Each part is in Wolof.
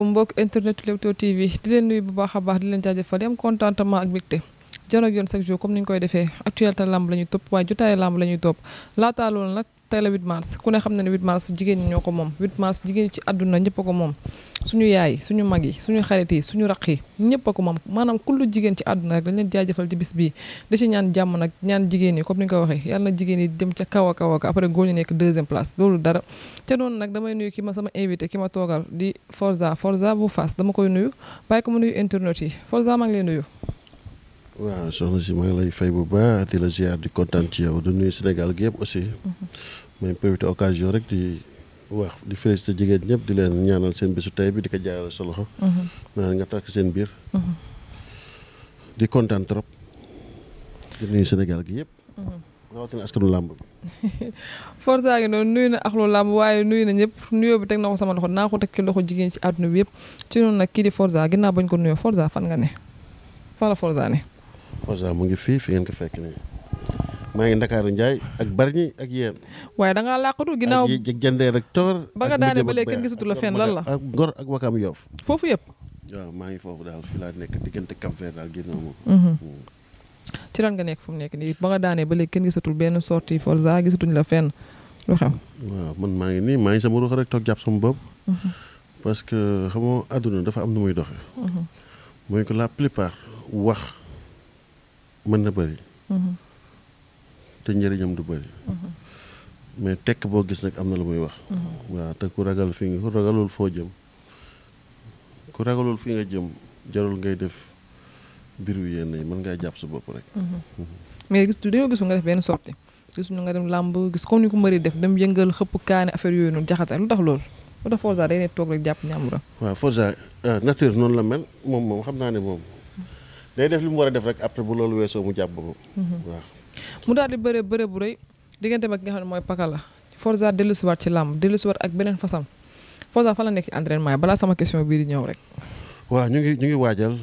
bu mbokk internet Leewtoo TV di leen nuyu bu baax a baax di leen jaajëfal yam contentement ak mbégte janook yoon chaque jour comme ni ñu koy defee actualité lamb la ñuy topp waaye jotaayu lamb la ñuy topp laataalool loolu nag tey la 8 mars ku ne xam na ne 8 mars jigéen ñi ñoo ko moom 8 mars jigéen ci àdduna ñëpp a ko moom suñu yaay suñu mag yi suñu xarit yi suñu raq yi ñëpp a ko moom maanaam kullu jigéen ci àdduna rek dañ leen jaajëfal ci bis bii da ci ñaan jàmm nag ñaan jigéen yi comme ni nga ko waxee yàlla na jigéen yi dem ca kaw a kaw a après góor ñu nekk deuxième place loolu dara ca noonu nag damay nuyu ki ma sama invité ki ma toogal di Forza Forza bu Fass dama koy nuyu bàyyi ko ma nuyu internet yi Forza maa nuyu waa soxna si maa ngi lay fay bu baax di la ziar di kontaan ci yow di nuyu Sénégal gi yëpp aussi. Mm-hmm. may profité occasion rek di wax di félicité jigéen ñëpp di leen ñaanal seen bi di ko jaarale sa loxo. Mm-hmm. naan seen biir. Mm-hmm. di kontaan trop di nuyu Sénégal gi yëpp. rawatina askanu làmb bi. Forza ngi noonu nuyu na axlu làmb waaye nuyu na ñëpp nuyoo bi teg na ko sama loxo naa ko teg ci loxo jigéen ci àdduna bi yëpp ci noonu nag kii di Forza ginnaaw bañ ko nuyoo Forza fan nga ne fan la Forza ne. Oza mu ngi fii fi ngeen ko fekk nii maa ngi Ndakaaru Ndiaye ak Bargny ak yéen. waaye da ngaa làqatu ginnaaw ak jëndee rek toor. ba nga daane ba léegi la la ak Ngor ak Wakam Yoff. foofu yëpp. waaw maa ngi foofu daal fi laa nekk diggante Kampfer daal ginnaaw moom. Mhm. Mm. ci nekk fu ba nga daanee ba léegi kenn gisatul benn sortie Forza gisatuñ la fenn lu xew. waaw man maa ngi nii maa ngi sama ruux rek toog jàpp sama bopp. Mhm. parce que xam nga àdduna dafa am nu muy doxee. Mhm. mooy que la plupart wax. mën na bëri. te njëriñam du bëri. mais tekk boo gis nag am na lu muy wax. waaw te ku ragal fi nga ku ragalul foo jëm ku ragalul fi nga jëm jarul ngay def mbir wi yenn yi mën ngaa jàpp sa bopp rek. mais gis dañoo gisul nga def benn sortie gis ñu nga dem làmb gis comme ni ko mëri def dem yëngal xëpp kaani affaire yooyu noonu jaxase lu tax loolu lu tax Forza day ne toog rek jàpp ñàmburam. waaw Forza euh, nature noonu la mel moom moom xam naa ne moom. day def li mu war a def rek après bu loolu weesoo mu jàpp boppam. Mhm. mu daal di bëree bëree bu rëy diggante ak nga xam ne mooy Pakala Forza dellusiwaat ci làmb dellusiwaat ak beneen façon Forza fa nekk entraînement yi balaa sama bii di ñëw rek. ñu ngi ñu ngi waajal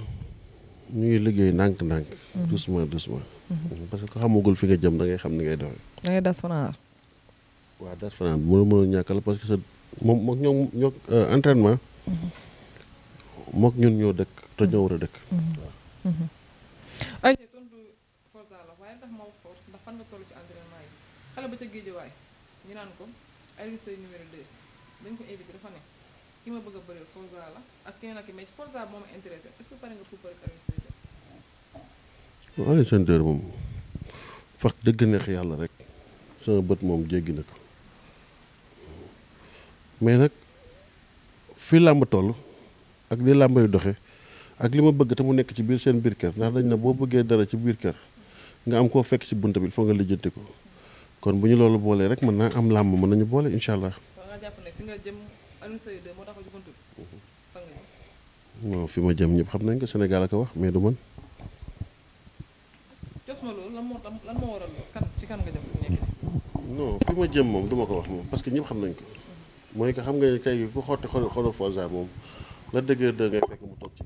ñu ngi liggéey ndànk-ndànk. Mhm. doucement doucement. Mhm. parce que ko xamagul fi nga jëm da ngay xam ni ngay doxee. da ngay das fanaan. waaw das fanaan mënul mënul ñàkkal parce moom moog ñoom ñoog euh, entraînement. moog ñun ñoo dëkk te ñoo war a dëkk. Mm-hmm. ay tontu Forza la waaye tax ma wax ko ndax fan nga toll ci entraînement yi xale ba ca géejawaay ñu naan ko Aliou Seye numéro 2 dañ ko invité dafa ne ki ma bëgg a bëreel Forza la ak keneen ak mais Forza moo ma na ko nag fi làmb toll ak li làmb yu doxee. ak li ma bëgg te mu nekk ci biir seen biir kër ndax dañ na boo bëggee dara ci biir kër nga am koo fekk ci bunt bi foog nga lijjanti ko kon bu ñu loolu boolee rek mën naa am làmb mën nañu boole incha allah. waaw fi ma jëm ñëpp xam nañ ko Sénégal a ko wax mais du man. non fi ma jëm moom du ma ko wax moom parce que ñëpp xam nañ ko. mooy que xam nga tey ku xotti xool xoolu Forza moom la dëgg dëgg ngay fekk mu toog ci.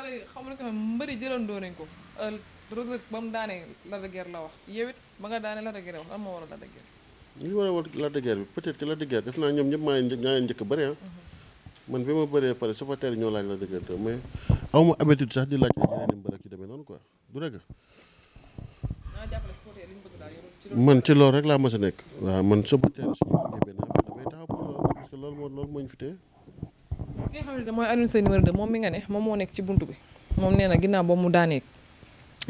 xale yi xam nga mbëri jëlandoo nañ ko euh, Reug Reug ba mu daanee Lac la wax yow ba nga daanee Lac de Guiers wax lan moo war a Lac de li war a war de Guiers bi peut-être de Guiers def naa ñoom ñëpp maa leen ñaa njëkk bëri ah mm-hmm. man bi ma ñoo laaj Lac de Guiers mais aw sax di laaj ay yeneen i mbër ak yu demee noonu quoi du rek man ci loolu rek laa mës a nekk waaw man supporter suñu liggéey benn affaire damay taxaw pour loolu parce que loolu moo ki nga xamante ne mooy Alioune Seye numéro 2 moom mi nga ne moom moo nekk ci buntu bi moom nee na ginnaaw boobu mu daanee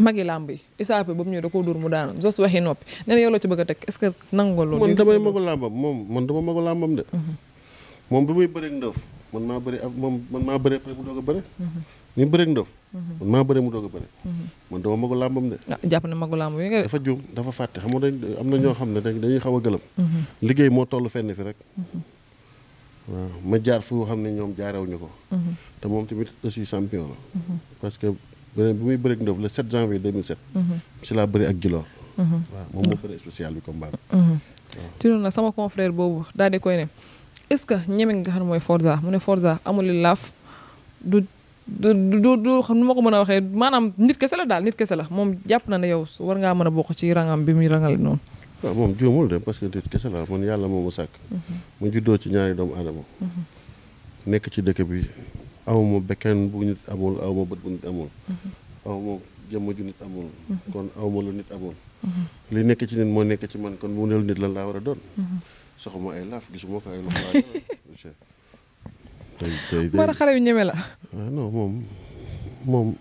magi làmb yi isaape ba mu ñëw da koo dóor mu daanu jos waxi noppi nee na yow la ci bëgg a teg est-ce que nangu nga loolu man damay magu làmbam moom man dama magu làmbam de mhm. moom bi muy bëreeg ndëf man maa bëri ak moom man maa bëree après mhm. mu doog a bëre ñu bëreeg ndëf mhm. man maa bëree mu doog a bëre man dama magu làmbam de ah, jàpp ne magu làmb yi nga dafa juum dafa fàtte xam nga am na ñoo xam ne dañuy xaw a gëlëm liggéey moo toll fenn fi rek waaw ma jaar fu nga xam ne ñoom jaarawuñu ko. Mhm. te moom tamit aussi champion la. Mhm. parce que beneen bi muy bëri ak Ndof le 7 janvier 2007. Mhm. si laa bëri ak Djilor. waaw moom sama confrère boobu daal di koy ne est ñeme nga xam ne mooy Forza mu ne Forza amul li laaf du. du du xam nu ma ko mën a waxee maanaam nit kese la daal nit kese la moom jàpp na ne yow war ngaa mën a bokk ci rangam bi muy rangal noonu. moom juumul de parce que nit man yàlla moo ma sàkk. Mhm. mu juddoo ci ñaari doomu aadama. Mhm. nekk ci dëkk bi awma bekken bu nit amul awma bët bu nit amul. Mhm. awma jëmm ju nit amul. kon awma lu nit amul. li nekk ci nit moo nekk ci man kon bu nelu nit lan laa war a doon. soxuma ay laaf gisuma ko ay loxo laa xale bi ñeme la. Ah, non moom moom.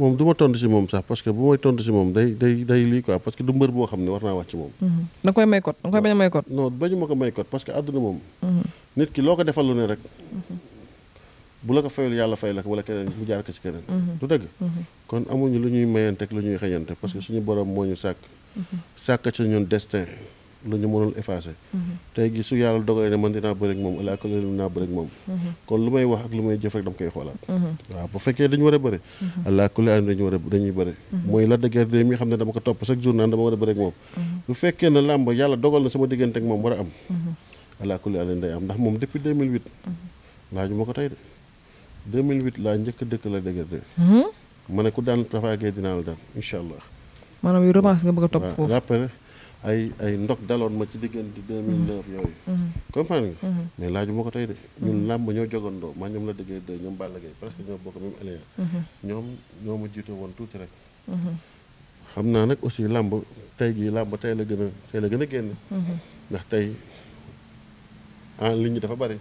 moom du ma tontu si moom sax parce bu may tontu si moom day day day lii quoi parce que du mbër boo xam ne war naa wax ci moom. Mhm. da koy may kot da koy bañ a may kot. non àdduna moom. Mhm. nit ki loo ko defal lu ne rek. Mhm. bu la ko fayul yàlla fay la ko wala keneen mu jaar ko ci keneen. du dëgg. kon amuñu lu ñuy mayante ak lu ñuy xëyante parce suñu borom moo ñu sàkk. sàkk ci ñun destin. la ñu mënul effacer. Mhm. tey gi su yàlla dogalee ne man dinaa bëri ak moom ala kulli dinaa bëri ak moom. kon lu may wax ak lu may jëf rek dama koy xoolaat. Mhm. waaw bu fekkee dañu war a bëri. ala mhm. kulli aadama a dañuy bëri. mooy la dëgër de mi xam ne dama ko topp chaque jour naan dama war a bëri ak moom. bu fekkee ne làmb yàlla dogal na sama diggante ak moom war a am. ala kulli aadama am ndax moom depuis 2008. laaju ma de 2008 laa njëkk dëkk la dëgër de. ma ne ku daan tafaagee la daan a ay ay ndog daloon ma ci diggante 2009 yooyu. Mm-hmm. Mm-hmm. comprendre nga. Mm-hmm. mais laaju ma ko tey de ñun làmb ñoo jogandoo maa ñoom la déggee de ñoom Balla Gaye parce que ñoo bokk même alliance. ñoom ñoo ma jiite woon tuuti rek. xam naa nag aussi làmb tey jii làmb tey la gën a tey a génn. ndax tey en ligne dafa bari.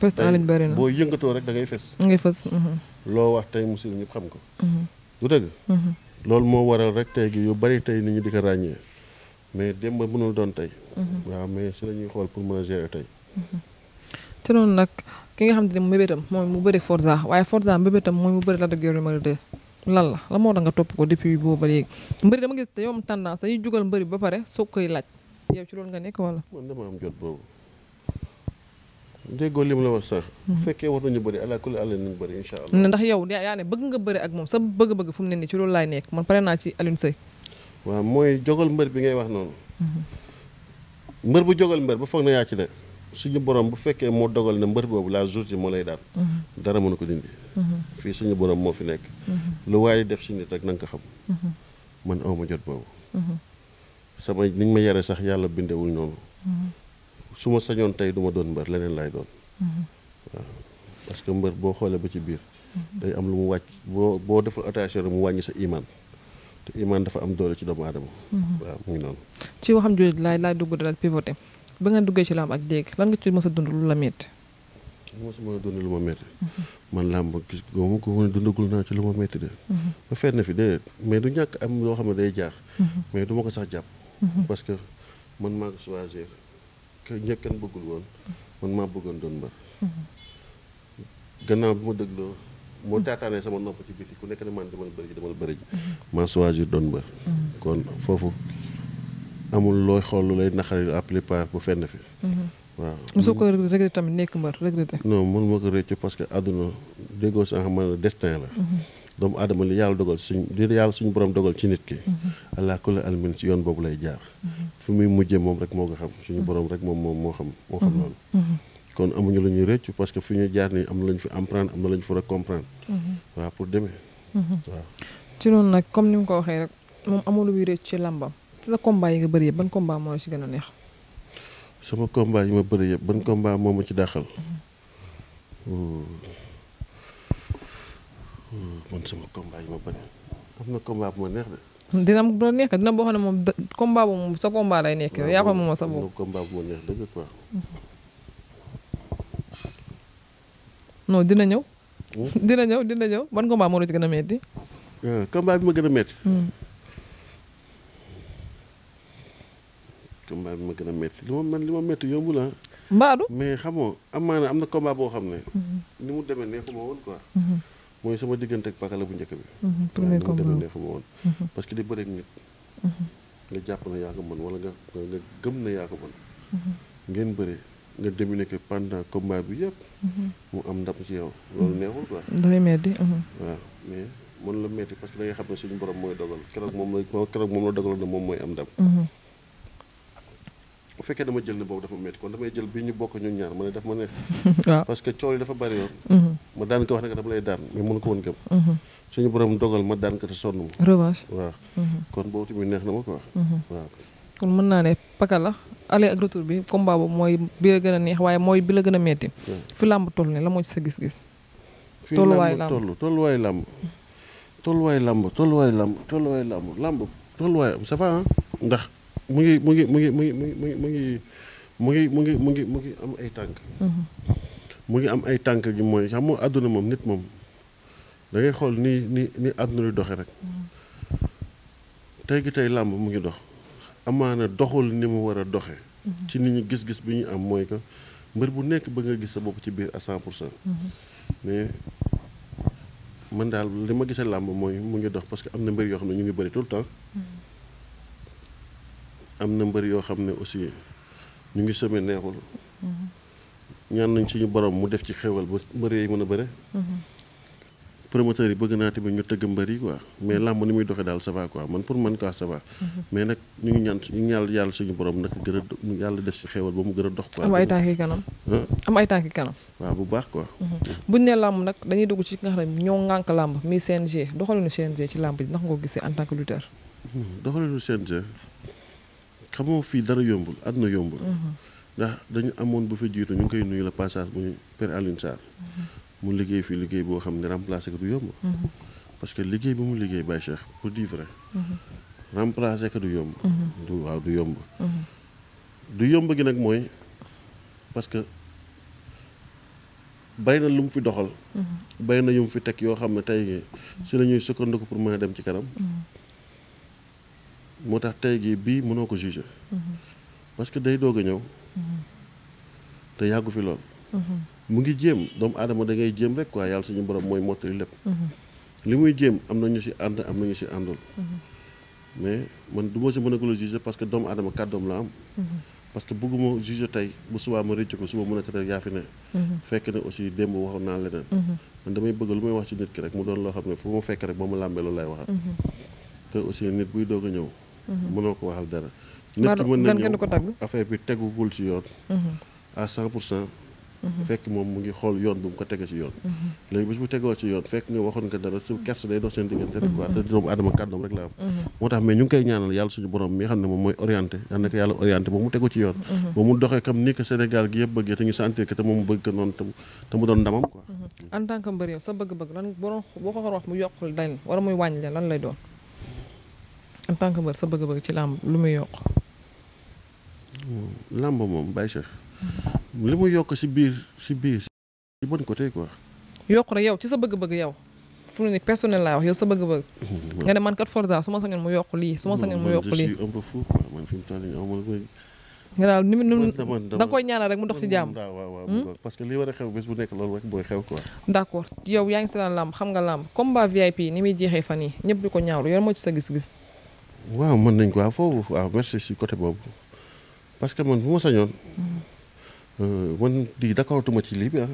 poste en ligne bari na boo yëngatoo rek dangay fes fës. da ngay fës. loo wax tey musul ñëpp xam ko. du dëgg. loolu moo waral rek tey gi yu bari tey nit ñi di ko ràññee. mais démb mënul doon tey. Mhm. waaw mais si la xool pour mën a gérer tey. Mhm. te noonu nag ki nga xam ne mbébétam mooy mu bëri Forza waaye Forza mbébétam mooy mu bëri Lac de Guiers numéro 2 la la moo topp ko depuis booba léegi mbëri dama gis dañoo am ba pare soog koy laaj ci loolu nga nekk wala. man dama am jot boobu déggoo lim la wax sax. Mhm. bu fekkee bëgg nga bëri ak moom sa bëgg-bëgg fu mu ne nii ci loolu laay nekk man pare naa ci Alioune Seye waaw mooy jogal mbër bi ngay wax noonu. Mm-hmm. mbër bu jogal mbër ba foog na yaa ci ne suñu borom bu fekkee moo dogal ne mbër boobu laa jour yi moo lay daan. Mm-hmm. dara mënu ko dindi. Mm-hmm. fii suñu borom moo fi nekk. lu waaye def si nit rek na ko xam. man aw ma jot boobu. sama ni ma yare sax yàlla bindewul noonu. su ma sañoon tey duma doon mbër leneen laay doon. waaw que mbër boo xoolee ba ci biir. day am lu mu wàcc boo boo deful attention mu wàññi sa imaan. te imaan dafa am doole ci doomu aadama. Mhm. waaw mu ngi noonu. ci waxam jooju laay laay dugg daal pivoté ba nga duggee ci làmb ak léegi lan nga ci mës a dund lu la métti. mosuma dund lu ma métti. Mhm. man làmb gis nga ma naa ci lu ma métti de. Mhm. ba fenn fi déedéet mais du ñàkk am loo xam ne day jaar. mais du ko sax jàpp. parce man maa choisir kenn bëggul woon man maa bëggoon doon mbër. gannaaw bi ma dégloo. boo taataanee sama nopp ci biti ku nekk ne man demal bëri ji demal bëri ji ma choisir doon mbër kon foofu amul looy xool lu lay naxari la plupart bu fenn fi waaw mosoo ko regretté tamit nekk mbër regretté non mën ma ko rëccu parce que àdduna déggoo si nga xam ne destin la doomu aadama li yàlla dogal suñ li yàlla suñu borom dogal ci nit ki allah kulli almin ci yoon boobu lay jaar fi muy mujjee moom rek moo ko xam suñu borom rek moom moom moo xam moo kon amuñu lu ñuy rëcc parce que fi ñu jaar nii am na lañ fi emprendre am na lañ fa war a comprendre. Mhm. Mhm. ci comme ni ko waxee rek moom amul làmbam ci sa combat yi nga bëri yëpp ban combat moo la ci gën a neex. sama combat yi ma bëri yëpp ban combat moo ma ci dàqal. Mhm. man sama combat yi ma bëri am na combat bu ma neex de. dina am bu la neex dina boo xam ne moom combat bu moom sa combat lay nekk yow yaa ko moom sa bopp. non dina ñëw. Oh. dina ñëw dina ñëw ban combat moo la ci gën a metti. Euh, combat bi ma gën a metti. Hmm. combat ma gën a metti li ma man li ma metti yombul ah. mbaadu mais xamoo amaana am na combat boo xam ne. Hmm. ni mu demee neexuma woon quoi. Hmm. mooy sama diggante ak pakala bu njëkk bi. parce que di bëri nit. nga jàpp na yaa nga gëm na yaa ko mën. ngeen bëri. nga dominer ko pendant combat bi yëpp. Mhm. mu am ndam ci yow. loolu neexul quoi. dafay metti. Mhm. waaw mais mën la metti da nga ne suñu borom mooy dogal keroog moom la keroog moom la dogaloon ne moom mooy am ndam. Mhm. bu fekkee dama jël ne boobu dafa metti kon damay jël bi ñu bokk ñun ñaar ma ne daf ma neex. waaw parce que coow yi dafa bari yoon. ma daan ko wax ne que dama lay daan mais mën ko woon gëm. suñu borom dogal ma daan ko te sonn ma. revanche waaw. kon boobu tamit neex na ma quoi. waaw. kon mën naa ne paka la aller ak retour bi combat boobu mooy bi la gën a neex waaye mooy bi la gën a metti hmm. fi làmb toll ne la moo ci sa gis-gis tolluwaay làmb toll tolluwaay làmb tolluwaay làmb tolluwaay làmb tolluwaay làmb làmb tolluwaay am ça va ndax mu ngi mu ngi mu ngi mu ngi mu ngi mu ngi mu ngi mu ngi mu ngi am ay tànk mhm. mu ngi am ay tànk gi mooy xam nga àdduna moom nit moom da ngay xool ni ni ni àdduna di doxe rek mhm. tey gi tey làmb mu ngi dox amaana doxul ni mu war a doxe mhm. ci nit ñi gis-gis bi ñu am mooy que mbër bu nekk ba nga gis sa bopp ci biir à cent pour cent mhm. mais man daal li ma gisee làmb mooy mu ngi dox parce que am na mbër yoo xam ne ñu ngi bëri tout le mhm. na mbër yoo xam ne aussi ñu ngi semé neexul ñaan nañ suñu borom mu def ci xewal ba mbër yi mën a bëre promoteurs yi bëgg naa tamit ñu tëgg mbër yi quoi mais mm-hmm. làmb ni muy doxee daal ça va man pour man quoi ça va. Mm-hmm. mais nag ñu ñaan ñu yàlla suñu borom nag gën a def si xéwal ba mu gën a dox. quoi am ay tànki kanam. am ay tànki kanam. waaw bu baax quoi. Mm-hmm. buñ ne làmb nag dañuy dugg ci nga xam ne ñoo ŋànk làmb mi CNG doxalinu CNG ci làmb ji ndax nga ko gisee en tant que lutteur. doxalinu CNG xamoo fii dara yombul àdduna yombul. ndax dañu amoon bu fi jiitu ñu ngi koy nuyu la passage bu ñu Père Alioune mu liggéey fi liggéey boo xam ne remplacer du yomb. Mm-hmm. parce que liggéey bi mu liggéey Baye Cheikh pour dire vrai. Mm-hmm. remplacer du yomb. Mm-hmm. du du yomb. du yomb gi nag mooy parce que bari na lu mu fi doxal. bari na yu mu fi teg yoo xam ne tey si la ñuy sukkandiku pour mën a dem ci kanam. moo tax tey jii bii mënoo ko juger. parce que day doog a ñëw. te yàggu fi lool. mu ngi jéem doomu aadama da ngay rek quoi yàlla suñu borom mooy mottali lépp. li muy jéem am na si ànd am na si àndul. mais man du ma si mën a ko juger parce que doomu aadama kàddoom la am. parce que bëgguma juger tey bu subaa ma rëcc ko suba mën a tere yaa fi ne. fekk ne aussi démb waxoon a ñëw. bi tegugul si yoon. Mhm. à 100 pour cent. fekk moom mu ngi xool yoon bu mu ko tege ci yoon léegi bis bu tegoo ci yoon fekk nga waxoon nga dara su kersa day dox seen diggante rek quoi mhm. te doomu aadama kàddoom rek la am mhm. moo tax mais ñu ngi koy ñaanal yàlla suñu borom mi nga xam ne moom mooy orienté yàlla naka yàlla orienté ba mu mhm. ba sa bëgg-bëgg ci làmb lu muy yokk hmm, làmb moom bàyyi li mu yokk si biir si biir si bon côté quoi. yokk rek yow ci sa bëgg-bëgg yow fu mu ne personnel laa wax yow sa bëgg-bëgg. nga ne man kat sa su ma sañoon mu yokk lii su ma sañoon mu yokk lii. un peu fou quoi man fi mu toll nii amul da nga koy ñaanal rek mu dox ci jàmm. Mm, waaw waaw hmm? parce bu nekk loolu rek booy xew quoi. d' accord yow yaa ngi si daan làmb xam nga làmb combat VIP ni muy jeexee fan yi ñëpp di ko ñaawlu yow moo ci sa gis-gis. waaw mën nañ ko waaw ah, foofu waaw ah, merci si côté boobu parce que man bu ma sañoon. Hmm. Euh, man di d'accordatuma ci lii bi ah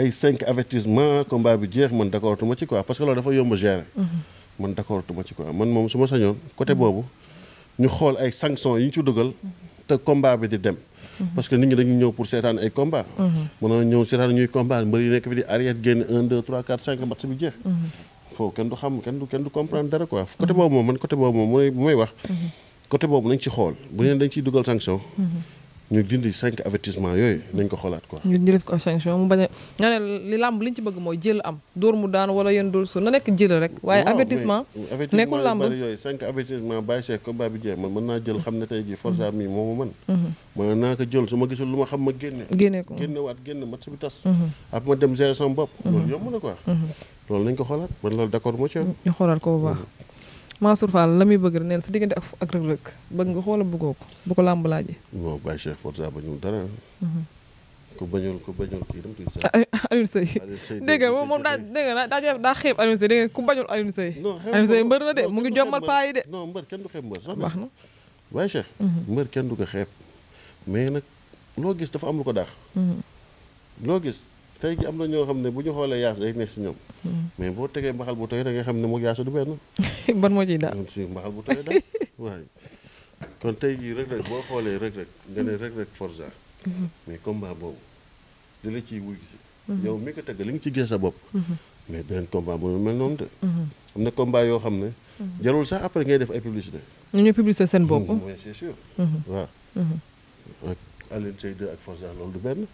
ay cinq avertissement combat bi jeex man d'accordatuma ci quoi parce que loolu dafa yomb gérer mm-hmm. man d'accordatuma ci quoi man moom su ma sañoon côté boobu ñu xool ay sanctions yi ñu ci dugal mm-hmm. te combat bi di dem mm-hmm. parce que nit ñi dañuy ñëw pour seetaan ay combat mën na ñëw seetaan ñuy combat mbër nekk fi di arrière génn un deux trois quatre cinq match bi jeex foofu kenn du xam kenn du comprendre dara quoi côté boobu moom man côté boobu ñu dindi cinq avertissement yooyu nañ ko xoolaat quoi. ñu dindi ko sanction mu bañ a nga ne li làmb li ñu ci bëgg mooy jël am dóor mu daan wala yéen dóor su nekk jël rek. waaye avertissement nekkul làmb yooyu cinq avertissement bàyyi jeex man mën naa jël xam ne tey jii forsa mi moo ma mën. Mhm. naa ko jël su ma gisul lu ma xam ma génne. génne waat génne match bi tas. Mhm. ab ma dem gérer sama bopp. Mhm. loolu yomb na quoi. loolu nañ ko xoolaat man loolu d'accord moo ñu xoolaat ko bu baax. Mansour Fall la ba bëgg neen sa diggante ak ak Reug Reug ba nga xoola bëggoo ko bu ko làmb laaje bon Baye Cheikh Forza bañul dara mhm. ko bañul ko bañul kii dam tuuti Alioune Seye moom moom daa dégg nga daa jàpp daa xeeb Alioune ku bañul Alioune Seye Alioune de mu ngi jommal paa yi de non mbër kenn du xeeb mbër sax baax na Baye Cheikh mhm. mbër loo gis dafa am ko daax mhm. loo tey ji am na ñoo xam ne bu ñu xoolee yaas day nekk si ñoom. Hmm. mais boo tegee mbaxal bu tooy da nga xam ne moog yaas du benn. ban moo ciy daal kon si mbaxal bu tooy daal waaye. kon tey jii rek rek boo xoolee rek rek nga ne rek rek forza. Hmm. mais combat boobu di la ciy wuy hmm. mi ko tëgg li ci gis sa bopp. mais beneen combat boobu yoo xam ne. jarul sax après ngay def ay publicité. ñu ñu publicité seen bopp. mais c'est sûr. du benn.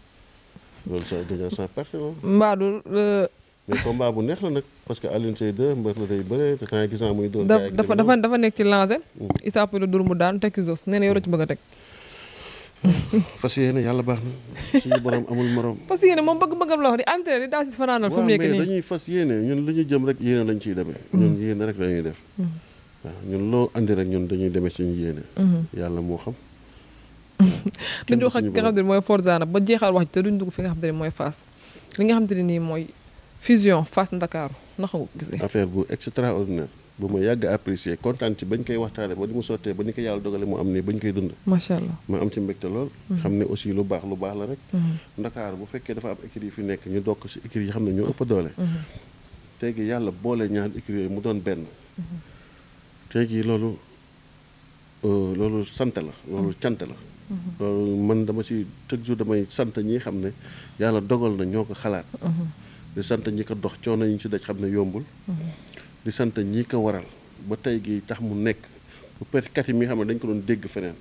loolu sa déjà sans perte la. Mbadou. Euh, mais combat bu neex la nag parce que Alioune Seye 2 mbër la day bëre te temps gis muy. doon dafa dafa nekk ci lancé. Mm. Issa Pouye la dóor mu daan tekki zos nee na yow ci bëgg a teg. fas yéene yàlla baax na suñu borom amul morom. fas yéene moom bëgg-bëggam la di entraîné di daal si fanaanal. fu mu nekk nii waaw dañuy fas yéene ñun li ñu jëm rek yéene lañ ciy demee. Mm. ñun yéene rek la ñuy def. Mm. waaw ñun loo andi rek ñun dañuy demee suñu yéene. Mm-hmm. yàlla moo xam. duñ wax ak nga xam te ba jeexal wax ji te duñ dugg fi nga te ne nii mooy fusion Fass Ndakaaru naka nga ko gisee. affaire bu extraordinaire bu ma yàgg apprécier kontaan ci bañ koy waxtaanee ba ni mu sottee ba ni ko yàlla dogale mu am nii bañ koy dund. macha allah ma am ci mbégte lool. Mhm. xam ne aussi lu baax lu baax la rek. Mhm. Ndakaaru bu fekkee dafa am écurie yi fi nekk ñu dokk si écurie yi xam ne ñoo ëpp doole. Mhm. tey yàlla boole ñaar écurie yooyu mu doon benn. tey gi loolu euh, loolu sant la loolu cant la. loolu man dama ci chaque jour damay sant ñi xam ne yàlla dogal na ñoo ko xalaat di sant ñi ko dox coono ñu ci daj xam ne yombul di sant ñi ko waral ba tey gi tax mu nekk bu perkat yi mi xam ne dañ ko doon dégg feneen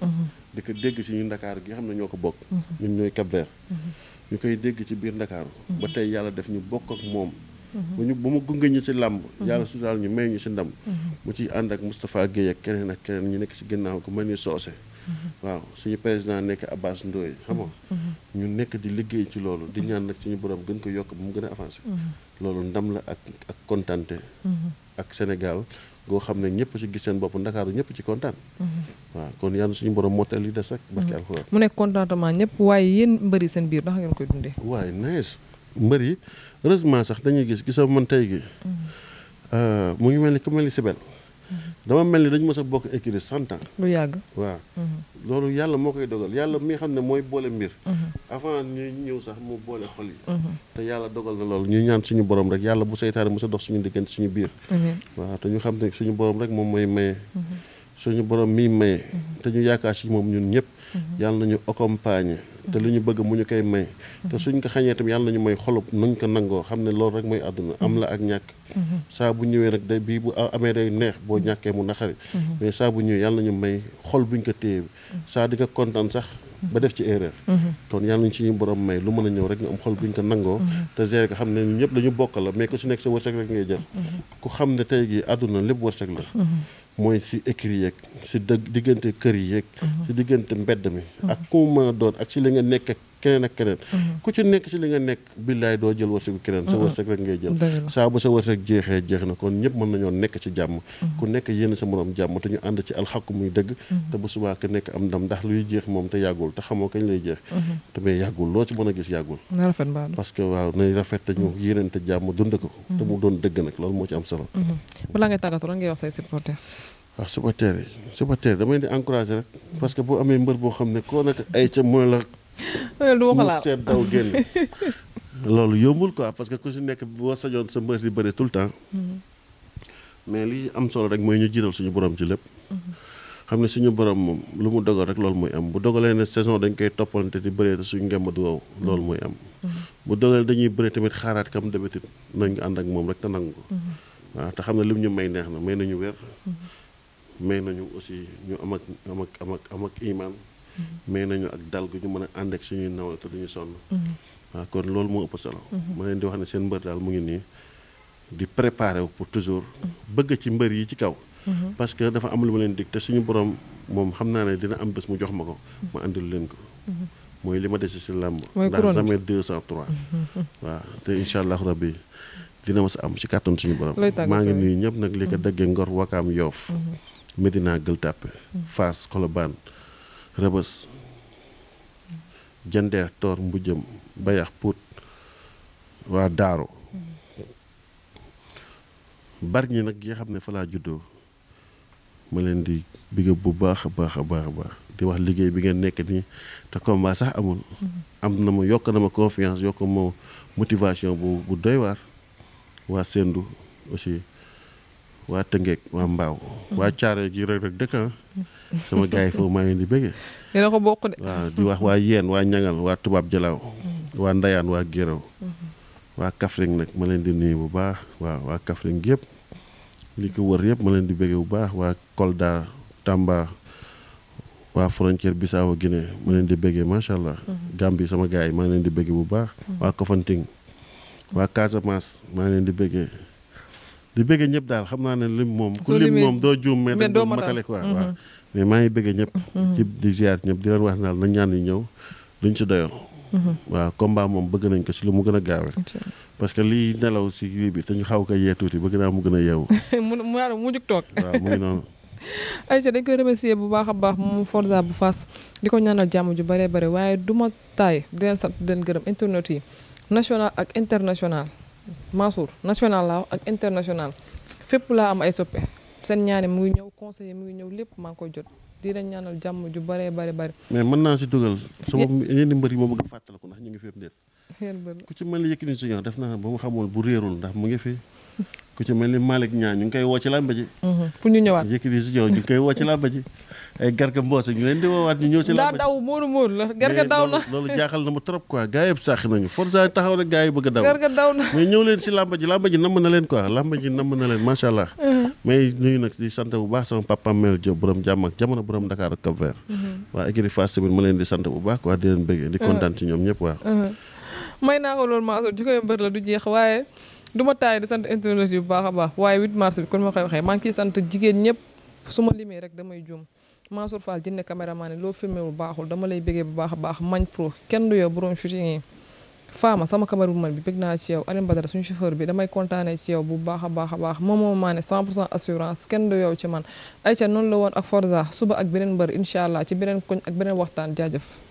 di ko dégg ci ñu ndakaaru gi xam ne ñoo ko bokk ñun ñooy Cap Vert ñu koy dégg ci biir ndakaaru ba tey yàlla def ñu bokk ak moom ba ñu ba gunge ñu ci làmb yàlla sutaal ñu may ñu ci ndam mu ciy ànd ak Moustapha Guèye ak keneen ak keneen ñu nekk ci ginnaaw ko mën ñu waaw suñu président nekk Abbas Ndoye xam nga mm-hmm. ñu nekk di liggéey ci loolu di ñaan nag suñu borom gën ko yokk ba mu gën a avancé mm-hmm. loolu ndam la ak ak kontante mm-hmm. ak Sénégal goo xam ne ñëpp ci gis seen bopp ndakaaru ñëpp ci kontaan waaw kon yàlla suñu borom motal li des rek barke alxuraan mu nekk contentement ñëpp waaye yéen mbëri seen biir ndax ngeen koy dundee waaye nice mbër yi heureusement sax dañuy gis gisoo man tey gi euh, mu ngi mel ni ku mel ni Sibel dama mel ni dañu mës a bokk écurie cent ans. lu yàgg waaw. Mhm. loolu yàlla moo koy dogal yàlla mi xam ne mooy boole mbir. Mhm. avant ñuy ñëw sax mu boole xol yi. Mhm. te yàlla dogal na loolu ñuy ñaan suñu borom rek yàlla bu seytaane mës a dox suñu diggante suñu biir. waaw te ñu xam ne suñu borom rek moom mooy maye. suñu borom miy maye. te ñu yaakaar si moom ñun ñëpp. yàlla nañu accompagner. te li ñu bëgg mu ñu koy may te suñ ko xañee tam yàlla ñu may xolub nañ ko nangoo xam ne loolu rek mooy àdduna am la ak ñàkk saa bu ñëwee rek day bu amee day neex boo ñàkkee mu naxari mais saa bu ñëwee yàlla ñu may xol buñ ko téye bi saa di ko kontaan sax ba def ci erreur kon yàlla nañu ci borom may lu mën a ñëw rek ñu am xol buñ ko nangoo te gérer ko xam ne ñëpp dañu bokk la mais ku si nekk sa wërsëg rek ngay jël ku xam ne tey gi àdduna lépp wërsëg mooy ci écrit yeeg ci diggante kër yi yeeg. Mhm. ci diggante mbedd mi. Mhm. ak ku doon ak ci li nga nekk ak keneen ak keneen mhm. ku ci nekk ci li nga nekk billaay doo jël wërsëgu keneen sa mhm. wërsëg rek ngay jël saa sa wërsëg jeexee jeex na kon ñëpp mën nañoo nekk ci jàmm mhm. ku nekk yéen sa moroom jàmm te ñu ànd ci alxaq muy dëgg te bu subaa ka nekk am ndam ndax te yàggul te te a jàmm dund ko te mu doon dëgg nag loolu moo ci am solo balaa ngay tàggatoo lan ngay wax say supporter waaw supporter yi supporter damay di encouragé rek parce que boo amee mbër boo lu ma xalaat seet loolu yombul ko parce que ku si nekk boo sañoon sa mbër di bëri tout le temps mm-hmm. mais li am solo rek mooy ñu jiital suñu borom ci lépp mm-hmm. xam ne suñu borom moom lu mu dogal rek loolu mooy am bu dogalee ne saison dañ koy toppalante di bëree te suñu ngembadu wow mm-hmm. loolu mooy am bu dogalee dañuy bëree tamit xaaraat kam d'habitude nañ ko ànd ak moom rek te nangu ko waaw te xam ne lim ñu may neex na may nañu wér may nañu aussi ñu am ak am ak am ak am ak imaan mais nañu ak dal ñu mën a ànd ak suñuy nawle te duñu sonn mhm. waaw kon loolu moo ëpp solo mhm. ma leen di wax ne seen mbër daal mu ngi nii di préparer wu pour toujours bëgg ci mbër yi ci kaw mhm. parce que dafa am lu ma leen dig te suñu borom moom xam naa ne dina am bés mu jox ma ko ma àndil leen ko mooy li ma dese si làmb dans jamais 203 waaw te incha allahu rabbi dina ma sa am si kàttan suñu borom maa ngi nuyu ñëpp nag li ko daggee Ngor Wakaam Yoof Medina Gueule Tapée Fass rëbës jëndeer toor mbujjëm bayax puut waa daaro bari ñi nag yi xam ne falaa laa juddoo ma leen di bigg bu baax a baax a baax di wax liggéey bi ngeen nekk nii te combat sax amul am na ma yokk na ma confiance yokk ma motivation bu doy waar waa Sendou aussi waa Tëngeek waa Mbaaw waa Caare ji rek rek dëkkan ah. sama gars yi foofu maa ngi di bëggee. dina di wax waa yeen waa ñangal waa tubaab jalaaw waa ndayaan waa géraw waa Kaffrine nag ma di nuyu bu baax waa Kaffrine gi yëpp li ko wër yëpp ma leen di bëggee bu baax waa Kolda Tamba waa frontière Bissau Guinée ma leen di bëggee macha allah. Gambie sama gars di bëggee bu baax. waa Kofanting waa Casamance maa leen di bëggee. di bëggee ñëpp daal xam naa ne lim moom. ku lim moom doo juum mais doo matale quoi mhm. mais maa ngi bëggee mhm. ñëpp. di ziar ñëpp di leen wax naal na ñaan yi ñëw duñ si doyoon. Mhm. waaw combat moom bëgg nañ ko si lu mu gën a gaawee. parce que lii nelaw si lii bi te ñu xaw ko yee tuuti bëgg naa mu gën a yeewu. mu mu naan mu jug toog. waaw mu ngi noonu. Aïcha dañ koy remercier bu baax a baax moom Forza bu Fass di ko ñaanal jàmm ju bëree bëri waaye du ma taay di leen sant di leen gërëm national ak international Mansour national laa ak international fépp laa am ay soppe seen ñaane mu ngi ñëw conseiller mu ngi ñëw lépp maa ngi koy jot di leen ñaanal jàmm ju bare bare bare mais mën naa si dugal sama yenn mbër yi ma bëgg a fàttaliku ndax ñu ngi fépp ndéet ku ci mel ni Yékini Junior def naa ba mu xamoon bu réerul ndax mu ngi fi ku ci mel ni Malick Niang ñu ngi koy woo ci làmb ji mhm. pour ñu ñëwaat Yékini Junior ñu ngi koy woo ci làmb ji ay eh, garga mboose ñu leen di woowaat ñu ñëw ci daa ma a ji làmba ji namm na leen quoi làmba ji uh-huh. nuyu nag di sant bu baax a baax waaye 8 mars bi kon ma koy waxee maa ngi sant jigéen ñëpp su limee rek damay juum Mansour Fall jënd caméraman loo filmé bu baaxul dama lay bëggee bu baax a baax mañ pro kenn du yow borom shooting yi faama sama cameraman bi bëgg naa ci yow Alioune Badara suñu chauffeur bi damay kontaanee ci yow bu baax a baax a baax moomoo maa ne 100 pour cent assurance kenn du yow ci man ayca noonu la woon ak Forza suba ak beneen mbër incha allah ci beneen koñ ak beneen waxtaan jaajëf